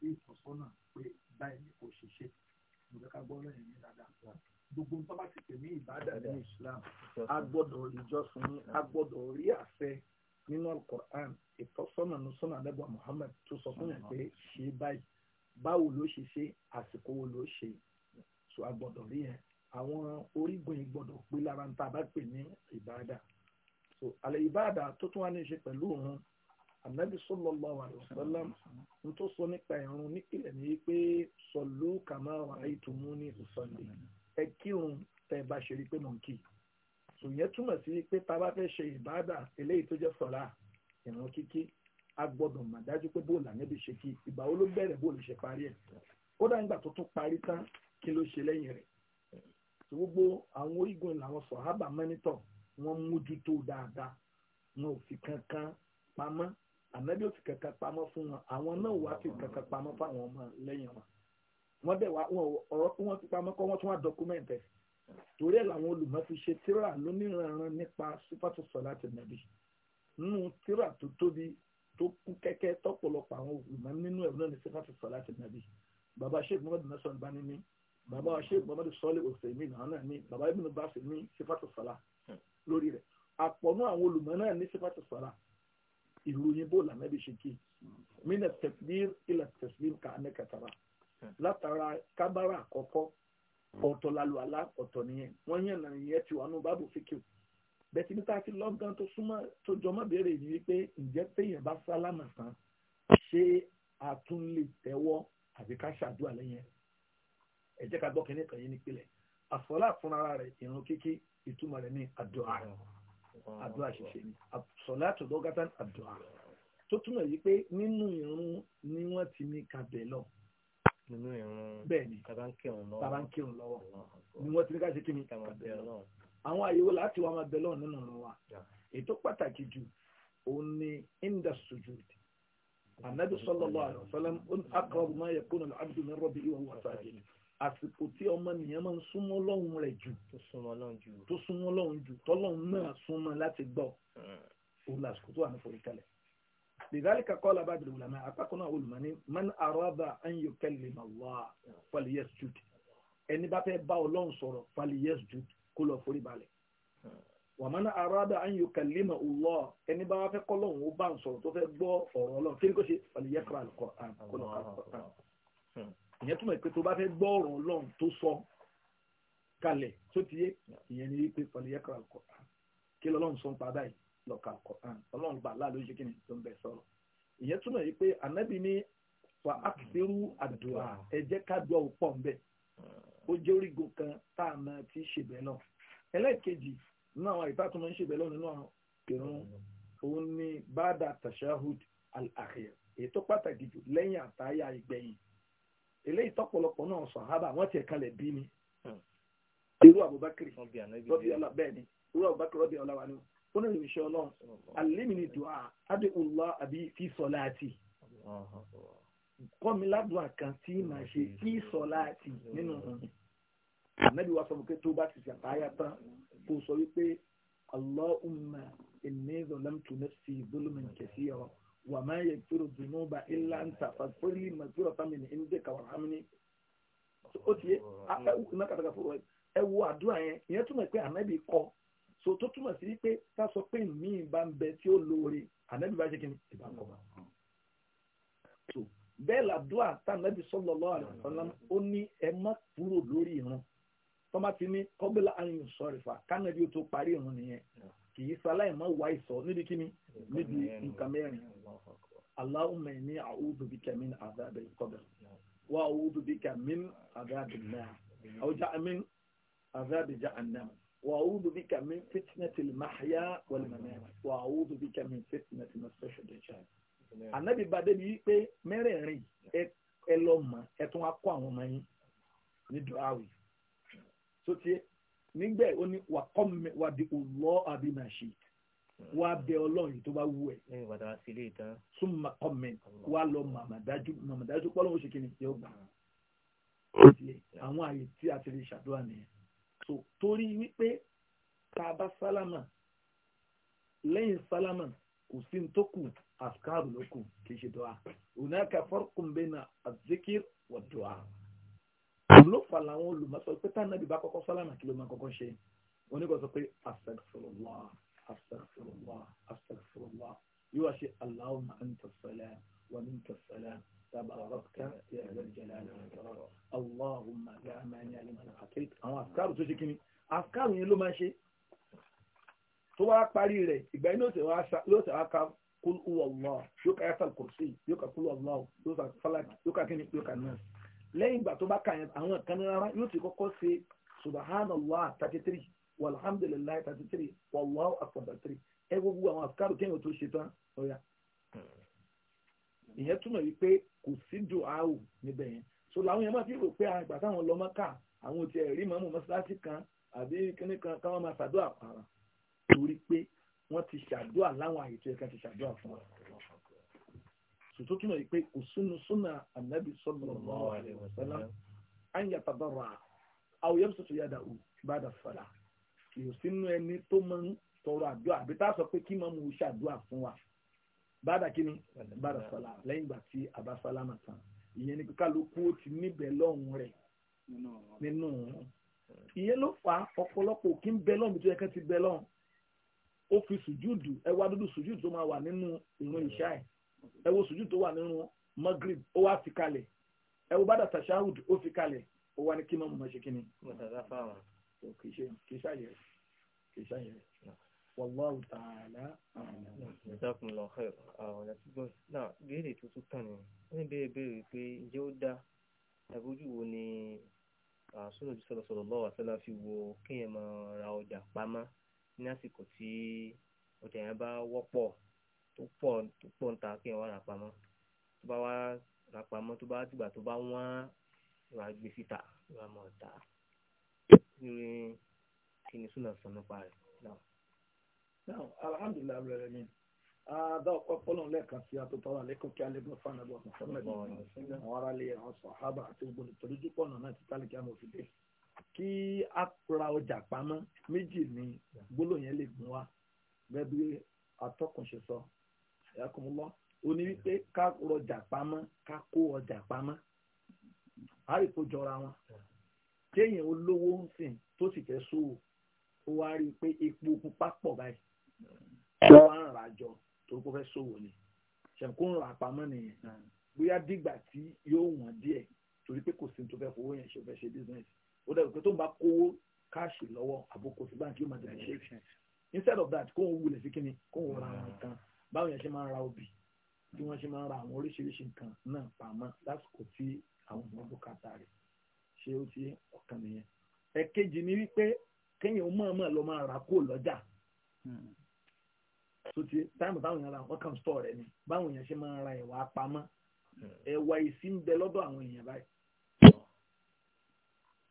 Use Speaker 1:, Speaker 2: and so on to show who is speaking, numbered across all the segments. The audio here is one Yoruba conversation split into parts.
Speaker 1: sí ìtọ́sọ́nà pé báyìí ni kò ṣiṣẹ́ mo fẹ́ ká gbọ́ lẹ́yìn ní dáadáa gbogbo nǹkan bá ti pè ní ìbádà ní Islam a gbọ́dọ̀ ìjọsìn ni a gbọ́dọ̀ rí àṣẹ nínú alukoran ìtọ́sọ́nà ní sọ́nà àdẹ́gbà Muhammad tó sọ fún yàn pé ṣe báyìí báwo ló ṣe ṣe àsìkò wo ló ṣe so a gbọ́dọ̀ rí yẹn àwọn orígun yìí gbọ́dọ̀ pé lára ń ta bá pè ní ìbádà so àlẹ́ ìbádà tó tún wá ní ànábì sallallahu alaihi wasallam n tó sọ nípa ìrun nípìnlẹ̀ ní pé sallu kama ra'aytumuni usalli ẹ kírun tẹ́ ẹ bá ṣe rí pé mò ń kí sòyẹn túmọ̀ sí pé tá a bá fẹ́ ṣe ìbáàdà eléyìí tó jẹ́ sọ̀rà ìrun kíkí a gbọ́dọ̀ mà dájú pé bóòlù ànábì ṣe kí ìgbà wo ló bẹ̀rẹ̀ bóòlù ṣe parí ẹ̀ kódà nígbà tó tún parí tán kí ló ṣe lẹ́yìn rẹ̀ gbogbo àwọn orígun làwọn sọ̀hábà mẹ́nitọ̀ wọ́n mójútó dáadáa wọn ò fi kankan pamọ́ ànábì ò fi kankan pamọ́ fún wọn àwọn náà wàá fi kankan pamọ́ fáwọn ọmọ lẹ́yìn wọn wọ́n dẹ̀ wá ọ̀rọ̀ tí wọ́n fi pamọ́ kọ́ wọ́n tún wá dọ́kúmẹ̀ntẹ̀ torí ẹ̀ làwọn olùmọ̀ fi ṣe tíra lóníranran nípa sífàtú sọ̀láàtì nàbì nínú tíra tó tóbi tó kú kẹ́kẹ́ tọ́pọ̀lọpọ̀ àwọn olùmọ̀ nínú ẹ̀ náà ní sífàtú sọ̀láàtì nàbì bàbá sheikh muhammadu nasir bani ní bàbá sheikh muhammadu sọ́lé òsèmí náà náà ní bàbá ibùdó bá sì ní sífàtú sọ̀lá lórí rẹ̀ àpọ̀nú àwọn olùmọ̀ náà ní sífàtú sọ̀lá ìlú yìnbó lànàbí ṣe kí mina tẹsílír ilà tẹsílír ká anẹkẹtara látara kábàrà àkọ́kọ́ ọ̀tọ̀ làlùwàlá ọ̀tọ̀ nìyẹn wọ́n yàn náà yẹn ti wà nù bábù fíkìw bẹ́ẹ̀ níta ti lọ́gán tó súnmọ́ tó jọmọ́ béèrè yìí wípé ǹjẹ́ téèyàn bá sálámà tán ṣé a tún lè tẹ́wọ́ àbí ká ṣàdúrà lẹ́yìn ẹ jẹ́ ká gbọ́ kínní kan yìí nípìnlẹ̀ àfọlá fúnra rẹ̀ ìrun kíkí àdúrà ṣíṣe ni sọ̀látù dọ́gátán àdúrà tó túmọ̀ yìí pé nínú ìrun ni wọ́n ti ní kabẹ̀ lọ. nínú ìrun bẹ́ẹ̀ni tàbá ń kírun lọ́wọ́ ni wọ́n ti ní káṣí kíni kabẹ̀ lọ. àwọn àyẹ̀wò láti wá máa bẹ̀ lọ́wọ́ nínú ìrun wa ètò pàtàkì jù òun ni inda sujud anabi sallallahu alaihi wasallam akọrọ mọ ẹkún alabdu min rabbihi wa huwa sajid àsìkò tí ọmọnìyàn máa ń súnmọ́ ọlọ́run rẹ̀ jù tó súnmọ́ ọlọ́run jù tọ́lọ́run náà súnmọ́ láti gbọ́ hmm. òun làsìkò tó wà ní forí kalẹ̀. lidhalika qala ba'dul ulama apákan náà olùmọ̀ni man arada an yukallima Allah falyasjud ẹni bá fẹ́ bá ọlọ́run sọ̀rọ̀ falyasjud kó lọ forí balẹ̀. Hmm. wa man arada an yukallima Allah ẹni bá fẹ́ kọ́lọ́run ó bá ń sọ̀rọ̀ tó fẹ́ gbọ́ ọ̀rọ̀ ọlọ́run kí ni kò ṣe falyaqra al-Qur'an kó lọ ìyẹn túmọ̀ pé tó bá fẹ́ gbọ́ ọ̀rọ̀ ọlọ́run tó sọ kalẹ̀ tó ti yé ìyẹn ni wípé pẹ̀lú yẹ kọ́ra ọkọ̀ kí lọ́lọ́run sọ ń pa báyìí lọ́ka ọkọ̀ ọlọ́run bá aláàlú ṣe kíni tó ń bẹ sọ̀rọ̀ ìyẹn túmọ̀ yìí pé ànábì ní wà á ti rú àdúrà ẹ jẹ́ ká dùn ọ̀ pọ̀ ńbẹ ó jẹ́ orígun kan tá a máa ti ṣèbẹ̀ lọ ẹlẹ́ẹ̀kejì nínú àwọn ìta tó máa ń ṣèbẹ̀ lọ nínú àwọn òun ni bada tashahud al-akhir èyí tó pàtàkì jù lẹ́yìn àtàyà ìgbẹ̀yìn eléyìí tọ́pọ̀lọpọ̀ náà sàhábà wọ́n tiẹ̀ kalẹ̀ bí mi. Hmm. irú abubakar rọ́bì ọlá bẹ́ẹ̀ ni irú abubakar rọ́bì ọlá wa ni ó ní ìrìnsẹ̀ ọlọ́run alimini dùá adéhùnlá àbí fi sọlá àti kọ́mi ládùn àkàn tí màá ṣe fi sọlá àti nínú ànábì wa sọ fún pé tó bá ti ṣàtàyà tán kó sọ wípé allahumma inni zalamtu nafsi zulman kaseera wà máa yẹ kúrò dùnú bá ilá ń tà fàfúrí màtúrọ̀ fámi ní ẹni dé kàwọn hàmì ní. ó ti yé ẹwù náà kàtàkà fúru ẹ wo àdúrà yẹn ìyẹn túmọ̀ pé ànábì kọ so tó túmọ̀ sí pé ká sọ pé mí bá ń bẹ tí ó lóore ànábì bá ṣe kí ni ìbá kọ bá. bẹ́ẹ̀ làdúrà tá ànábì sallallahu alaihi wasallam ó ní ẹ má kúrò lórí ìran tọ́mátì kì í ṣaláìmọ́ wá ìsọ níbi kíni níbi nǹkan mẹ́rin Allahumma inni a'udhu bika min adhabil qabr wa a'udhu bika min adhabil nar aw min adhabi jahannam wa a'udhu bika min fitnatil mahya wal mamat wa a'udhu bika min fitnatil masiihid dajjal ànábì bá débi pé mẹ́rẹ̀ẹ̀rin ẹ lọ ẹ tún wá kó àwọn ọmọ yín ní dùn áwì sótìẹ́ nígbà ó ní wà kọ́ mi wà di òlọ́ àbí màá ṣe wà bẹ ọlọ́run tó bá wù ẹ̀. lẹ́yìn bàtà sí ilé ìtàn. súnmọ́ kọ́ mi wà lọ màmàdájú màmàdájú pọ́lọ́ ó ṣe yóò gbà. àwọn àyè tí a ti lè ṣàdúrà nìyẹn. so torí wípé tá a bá sálámà lẹ́yìn sálámà kò sí ní tó kù àfikàrù ló kù kì í ṣe dọ́à. ònà kà àzikir wà dọ́à ló fà làwọn olùmọ̀sọ pé tá nàbí bá kọ́kọ́ sálámà kí ló máa kọ́kọ́ ṣe wọn ní kò sọ pé astaghfirullah astaghfirullah astaghfirullah yóò wá ṣe allahumma anta salam wa minka salam tabarakta ya dhal jalali wal ikram allahumma la mania liman atit àwọn àfikàrù tó ṣe kí ni àfikàrù yẹn ló máa ṣe tó wá kul huwa allah yóò ka yàtọ̀ kùrùsì kul huwa allah yóò falak yóò ka kí ni lẹ́yìn ìgbà tó bá kà yẹn àwọn kan rárá yóò ti kọ́kọ́ ṣe subhanallah thirty three walhamdulilayi thirty three wallahu akbar thirty three ẹ gbogbo àwọn àfikàrò kéèyàn tó ṣe tán ọ̀yà ìyẹn túmọ̀ wípé kò sí dùn áwò níbẹ̀ yẹn so làwọn yẹn máa fi rò pé àwọn ìgbà táwọn lọ mọ́kà àwọn ti ẹ̀rí mọ́mú mọ́sálásí kan àbí kíní kan káwọn máa ṣàdúrà pààrà torí pé wọ́n ti ṣàdúrà láwọn àyè tó yẹ ká ti ṣàdúrà fún wa tó túmọ̀ yìí pé kò sínú súnà ànábì sallallahu alaihi wasallam á ń yàtọ̀ dọ̀rọ̀ à àwòyẹ sọ̀tọ̀ yàdà ò bá dà fàlà kì í sínú ẹni tó máa ń tọrọ àdúrà àbí tá a sọ pé kí máa mú ṣàdúrà fún wa bá dà kí ni bá dà fàlà lẹ́yìn ìgbà tí a bá sálámà tán ìyẹn ni kálukú ó ti níbẹ̀ lọ́hùn rẹ̀ nínú ìyẹn ló fà ọ̀pọ̀lọpọ̀ kí ń bẹ lọ́hùn tó yẹ kẹ́ ti bẹ lọ́hùn ó fi sùjúdù ẹwà dúdú sùjúdù tó máa wà nínú ìrun ìṣá ẹ̀ ẹ wo sùjú tó wà nínú magrib ó wá fi kalẹ̀ ẹ wo bàdà tashahud ó fi kalẹ̀ ó wá ní kí mọ́mú máa ṣe kí ni. kì í ṣe kì í ṣàyẹ̀ kì í ṣàyẹ̀ wallahu ta'ala. jazakumullahu khair ọ̀nà tí gbọ́n náà béèrè tuntun kan ni wọ́n ní béèrè béèrè pé ǹjẹ́ ó dá àbójú wo ni àsúnà jù sọ̀rọ̀ sọ̀rọ̀ lọ́wọ́ àtọ́lá fi wo kéèyàn máa ra ọjà pamọ́ ní àsìkò tí ọjà yẹn bá wọ́pọ̀ tó pọ̀ tó pọ̀ níta kí wọ́n rà pamọ́ tó bá wá rà pamọ́ tó bá dìgbà tó bá wọ́n wà gbé síta wà mọ̀ ta lórí kí ni súnà sọ nípa rẹ̀ náà. náà alhamdulilayi abúlé rẹ ni àádọ́ ọpọlọ lẹ́ẹ̀kan sí àtúntọ́wà lẹ́kọ̀ọ́ kí alẹ́ gbọ́n fún àbọ̀ Muhammad àwọn ará ilé àwọn sọ̀hábà àti ògbóni torí dípọ̀ náà náà ti tálẹ̀ kí a mọ̀ fi kí a ra ọjà pamọ́ méjì ni gbólóyìn lè gún wa gẹ́gẹ́ bí atọ́kùnṣe sọ ẹ̀kúnmọ́ ó ní wípé ká rọjà pamọ́ ká kó ọjà pamọ́ á rí kó jọra wọn téèyàn olówó ń sìn tó sì fẹ́ sówó ó wá rí i pé epo pupa pọ̀ báyìí ó wá ń rà jọ tó kó fẹ́ sówó ni ṣẹ̀kú ń rà pamọ́ nìyẹn bóyá dìgbà tí yóò wọ̀n díẹ̀ torí pé kò sí tó fẹ́ fowó yẹn ṣe fẹ́ ṣe business ó dẹ̀ pé tó ń bá kówó káàṣì lọ́wọ́ àbókò sí báńkì yóò máa jẹ́ ṣe instead of that kó ń wulẹ̀ sí kíni kó ń wọra ṣe máa ń ra obì bí wọ́n ṣe máa ń ra àwọn oríṣiríṣi nǹkan náà pamọ́ lásìkò tí àwọn ọmọ bùkátà rẹ̀ ṣe ó ti ọ̀kan nìyẹn. ẹ̀kejì ni wípé kéèyàn mọ̀ọ́mọ̀ lọ máa rà kó lọ́jà hmm. tó ti táìmù táwọn èèyàn ra wọn kàn stọ̀ rẹ̀ ni báwọn èèyàn ṣe máa ń ra ẹ̀wà pamọ́ hmm. ẹ̀wà ìsí ń bẹ lọ́dọ̀ àwọn èèyàn báyìí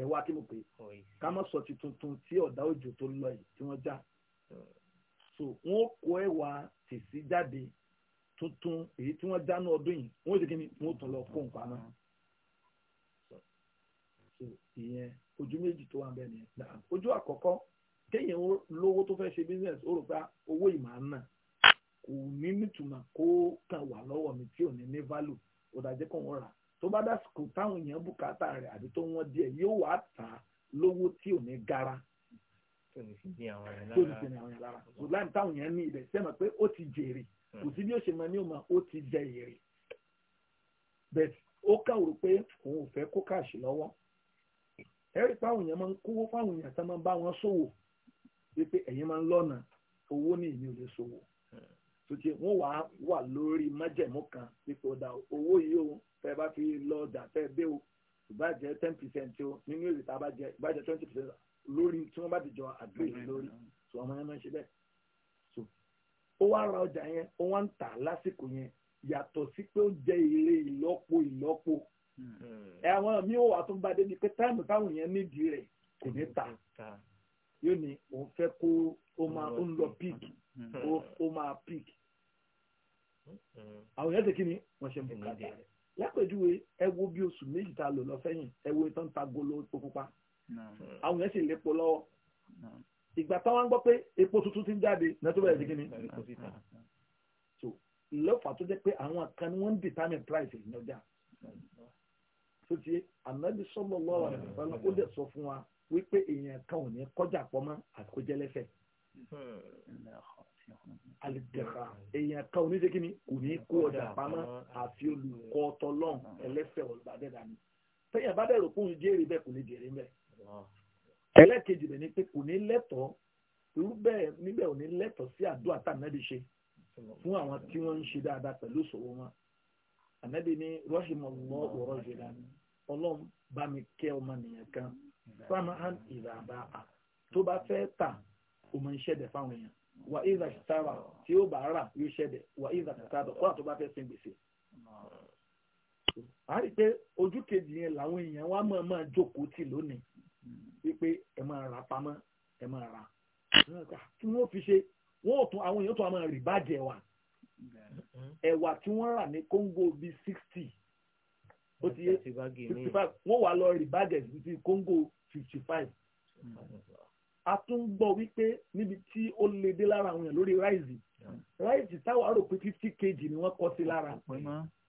Speaker 1: ẹ̀wà kí mo pè é ká má sọ ti tuntun tí ọ̀dà òjò tó lọ yìí tí wọ́n já hmm so wọ́n kó ẹ̀wà tìsí jáde tuntun èyí tí wọ́n dáná ọdún yìí wọ́n ti kíni wọ́n tún lọ kó nǹkan so ìyẹn ojú méjì tó wà ń bẹ nìyẹn ojú àkọ́kọ́ kéèyàn lówó tó fẹ́ ṣe business ó rò pé owó ìmọ̀ àná kò ní nítumọ̀ kó kàn wà lọ́wọ́ mi tí ò ní ní value ó dájẹ́ kó wọ́n rà tó bá dásìkò táwọn èèyàn bùkátà rẹ̀ àbí tó wọ́n díẹ̀ yóò wá tà á lówó tí ò ní gara tó ní fi ní àwọn yẹn lára tó ní fi ní àwọn yẹn lára ṣùgbọ́n táwọn yẹn ní ibẹ̀ sẹ́mọ̀ pé ó ti jèrè hmm. kò sí bí ó ṣe mọ ní òmà ó ti jẹ èrè bẹ́ẹ̀ ó kàwòrò pé òun ò fẹ́ kó káàṣì lọ́wọ́ ẹ̀rí fáwọn èèyàn máa ń kówó fáwọn èèyàn tó máa bá wọn ṣòwò wípé ẹ̀yin máa ń lọ́nà owó ní èmi ò ṣòwò tòtí hmm. wọn wà wà lórí májẹ̀mú kan wípé ọ̀dà owó yìí o fẹ́ bá fi lọ ọjà fẹ́ dé o ìbàjẹ́ ten percent o nínú èrè tá a bá jẹ ìbàjẹ́ twenty percent lórí tí wọ́n bá ti jọ àgbèrè lórí tí wọ́n máa ń ṣe bẹ́ẹ̀ so ó wá ra ọjà yẹn ó wá ń tà lásìkò yẹn yàtọ̀ sí pé ó jẹ́ èrè ìlọ́po ìlọ́po hmm. àwọn mi ò wà tó ń bá débi pé táìmù táwọn yẹn nídìí rẹ̀ kò ní ta yóò ní òun fẹ́ kó o máa ń lọ hmm. píìkì hmm. ó máa píìkì àwọn yẹn ti kí ni wọ́n ṣe mú kàdé rẹ̀ lápèjúwe ẹ wo bí oṣù méjì ta lò lọ sẹ́yìn ẹ wo ìtàn ta golo pupa àwọn yẹn sì lépo lọ́wọ́ ìgbà táwọn gbọ́ pé epo tuntun ti ń jáde náà tó bẹ̀rẹ̀ sí kíni so lọ́fà tó jẹ́ pé àwọn kan ni wọ́n ń determine price ní ọjà tó ti ànábi sọ́lọ́ lọ́wọ́ rẹ̀ sọ́lọ́ ó dẹ̀ sọ fún wa wípé èèyàn kan ò ní kọjá pọ̀ mọ́ àkójẹ́lẹ́fẹ̀ alìdẹ̀ka èèyàn kan ò ní ṣe kíni kò ní kó ọjà pamọ́ àfi olùkọ́ tọ́lọ́n ẹlẹ́fẹ̀ olùbàdẹ́dà ni tẹ́yìn àbádẹ́rò fún un jẹ́rìí bẹ́ẹ̀ kò lè jẹ́rìí bẹ́ẹ̀ ẹlẹ́kejì rẹ̀ ni pé kò ní lẹ́tọ̀ọ́ irú bẹ́ẹ̀ níbẹ̀ ò ní lẹ́tọ̀ọ́ sí àdúrà tá ànábì ṣe fún àwọn tí wọ́n ń ṣe dáadáa pẹ̀lú ìṣòro wọn ànábì ní rahimallahu rajulan ọlọ́run bá mi kẹ́ ọmọ nìyẹn kan samahan ìràbà à tó bá fẹ́ tà ó máa ń ṣẹ̀dẹ̀ fáwọn èèyàn wà ìzà sára tí ó bá rà yóò ṣẹ̀dẹ̀ wà ìzà sára kọ́ra tó bá fẹ́ sin gbèsè. a rí i pé ojú kejì yẹn làwọn èèyàn wá máa jókòó tì lónìí wípé ẹ máa ra pamọ́ ẹ máa ra kí wọ́n fi ṣe wọ́n ò tún àwọn èèyàn tún àwọn rìbáàjì ẹ̀wà ẹ̀wà tí wọ́n rà ní Congo bíi sixty ó ti yé fifty five wọ́n wà lọ rìbáàjì bíi Congo fifty five a tún gbọ́ wípé níbi tí ó lè dé lára àwọn èèyàn lórí ráìsì ráìsì táwọn àrò pé fifty kg ni wọ́n kọ́ sí lára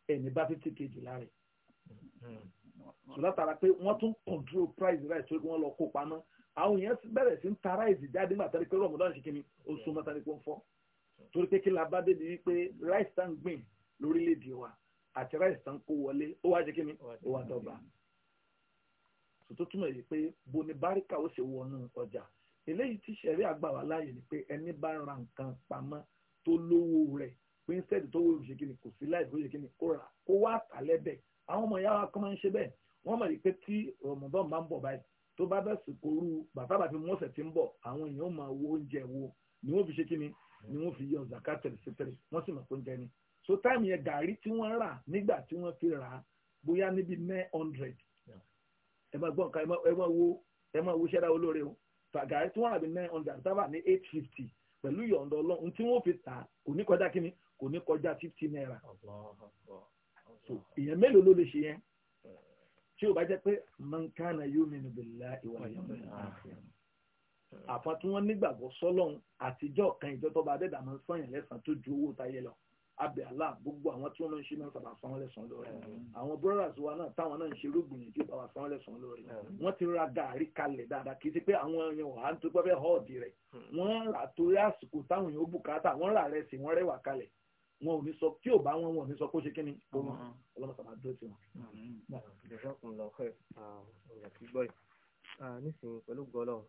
Speaker 1: ẹ̀ní bá fifty kg lára látara pé wọ́n tún control price rice torí wọ́n lọ kó pamọ́ àwọn èèyàn bẹ̀rẹ̀ sí ń ta rice jáde nígbà tàbí pé rọ̀mọdán ṣe kíni oṣù mẹ́ta ni kò ń fọ́ torí pé kí la bá débi wípé rice tá ń gbìn lórílẹ̀‐èdè wa àti rice tá ń kó wọlé ó wá ṣe kíni ó wá dọ́gba tó túmọ̀ yìí pé boni báríkà ó ṣe wọnú ọjà eléyìí tí sẹ̀rí àgbà wà láàyè ni pé ẹni bá ra nǹkan pamọ́ tó lówó rẹ̀ pé ń sẹ́ẹ̀dì tó wọ́n ṣe kíni kò sí láì fún ṣe kíni kó rà kó wá tà lẹ́bẹ̀ẹ́ àwọn ọmọ ìyá wa kan máa ń ṣe bẹ́ẹ̀ wọ́n mọ̀ pé tí Ramadan bá ń bọ̀ báyìí tó bá bẹ̀ sì korú bàtà bàtà mú ọ̀sẹ̀ tí ń bọ̀ àwọn èèyàn máa wo oúnjẹ wo ni wọ́n fi ṣe kíni ni wọ́n fi yọ zakat tẹ̀lẹ̀sítẹ̀lẹ̀ wọ́n sì mọ̀ pé oúnjẹ ni so táìmù yẹn gàrí tí wọ́n rà nígbà tí wọ́n fi rà á bóyá níbi nine hundred ẹ máa gbọ́n kan ẹ máa wo ẹ máa wo ṣẹ́dá naira so èèyàn mélòó ló lè ṣe yẹn tí o bá jẹ́ pé mankana yuminu billahi wal yawmil akhir àfa tí wọ́n nígbàgbọ́ sọ́lọ́run àtijọ́ kan ìjọ tó bá dẹ́dà máa ń sọ̀yàn lẹ́sàn tó ju owó táyé lọ abẹ́ àlá gbogbo àwọn tí wọ́n máa ń ṣe náà sábà sanwó lẹ́sàn lórí àwọn brothers wa náà táwọn náà ń ṣe rúgbìn tí bàbá sanwó lẹ́sàn lórí wọ́n ti ra gàárì kalẹ̀ dáadáa kì í ti pé àwọn èèyàn wà á ń tó pẹ́ fẹ́ họ́ọ̀dì rẹ̀ wọ́n rà torí àsìkò táwọn èèyàn bùkátà wọ́n rà rẹ̀ sí wọ́n rẹwà kalẹ̀ wọn ò ní sọ tí ò bá wọn wọn ò ní sọ kó ṣe kí ni gbogbo ọlọ́mọ sábà dúró tiwọn. ìjọba kùn lọ ẹ gbọ́ yìí ah, nísìnyí pẹ̀lú gbọ́lọ̀